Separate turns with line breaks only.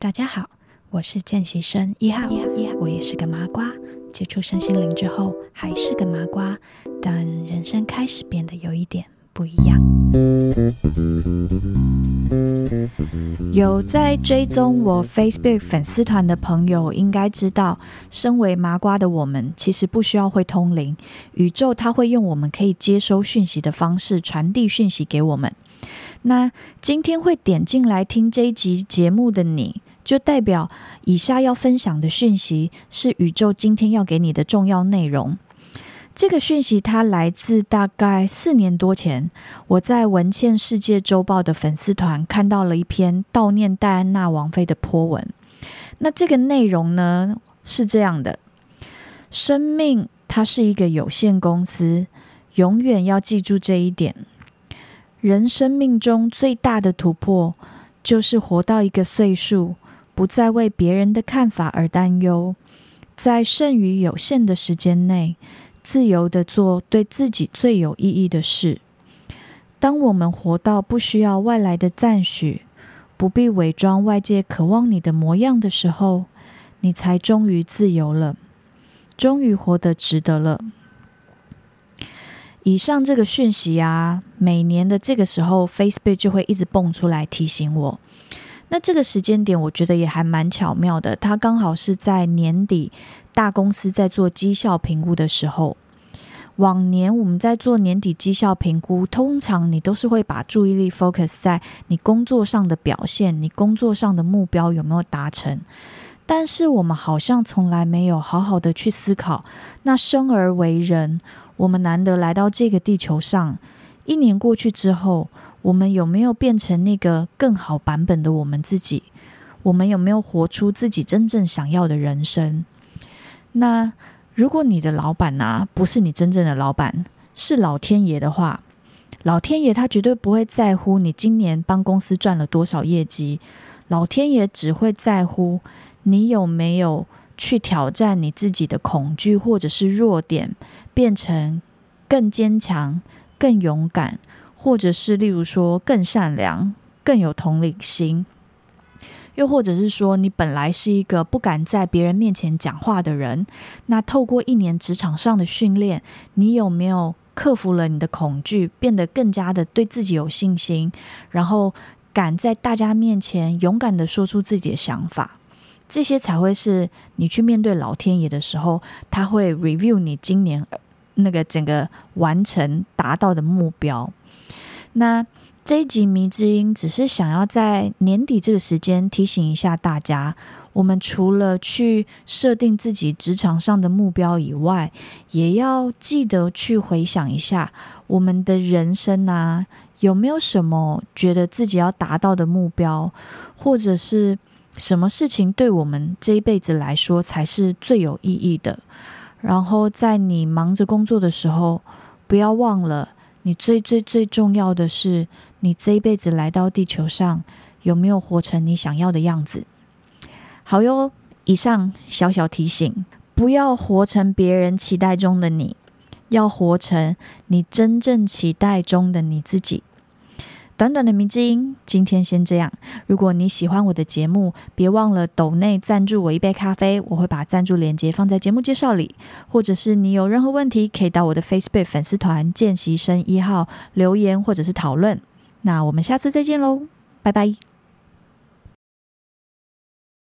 大家好，我是見習生一號，一號，一號，我也是個麻瓜。接觸身心靈之後，還是個麻瓜，但人生開始變得有一點不一樣。有在追蹤我 Facebook 粉絲團的朋友，應該知道，身為麻瓜的我們，其實不需要會通靈，宇宙他會用我們可以接收訊息的方式傳遞訊息給我們。那今天會點進來聽這一集節目的你。就代表以下要分享的訊息是宇宙今天要給你的重要內容。這個訊息它來自大概四年多前，我在文茜世界周報的粉絲團看到了一篇悼念戴安娜王妃的 PO 文。那這個內容呢是這樣的：生命它是一個有限公司，永遠要記住這一點。人生命中最大的突破就是活到一個歲數不再為別人的看法而擔憂，在剩餘有限的時間內，自由地做對自己最有意義的事。當我們活到不需要外來的贊許，不必偽裝外界渴望你的模樣的時候，你才終於自由了，終於活得值得了。以上這個訊息啊，每年的這個時候，Facebook 就會一直蹦出來提醒我。那這個時間點，我覺得也還蠻巧妙的。它剛好是在年底，大公司在做績效評估的時候。往年我們在做年底績效評估，通常你都是會把注意力 focus 在你工作上的表現，你工作上的目標有沒有達成。但是我們好像從來沒有好好的去思考，那生而為人，我們難得來到這個地球上，一年過去之後，我們有沒有變成那個更好版本的我們自己？我們有沒有活出自己真正想要的人生？那如果你的老闆啊不是你真正的老闆，是老天爺的話，老天爺他絕對不會在乎你今年幫公司賺了多少業績，老天爺只會在乎你有沒有去挑戰你自己的恐懼或者是弱點，變成更堅強、更勇敢。或者是，例如說更善良、更有同理心，又或者是說你本來是一個不敢在別人面前講話的人，那透過一年職場上的訓練，你有沒有克服了你的恐懼，變得更加的對自己有信心，然後敢在大家面前勇敢的說出自己的想法？這些才會是你去面對老天爺的時候，他會 review 你今年那個整個完成，達到的目標，那這一集謎之音只是想要在年底這個時間提醒一下大家，我們除了去設定自己職場上的目標以外，也要記得去回想一下我們的人生啊，有沒有什麼覺得自己要達到的目標，或者是什麼事情對我們這一輩子來說才是最有意義的。然後，在你忙着工作的時候，不要忘了，你最最最重要的是，你這一輩子來到地球上，有沒有活成你想要的樣子？好喲，以上小小提醒，不要活成別人期待中的你，要活成你真正期待中的你自己。短短的迷之音，今天先這樣。如果你喜歡我的節目，別忘了抖內贊助我一杯咖啡，我會把贊助鏈接放在節目介紹裡。或者是你有任何問題，可以到我的 Facebook 粉絲團“見習生一號”留言或者是討論。那我們下次再見嘍，拜拜。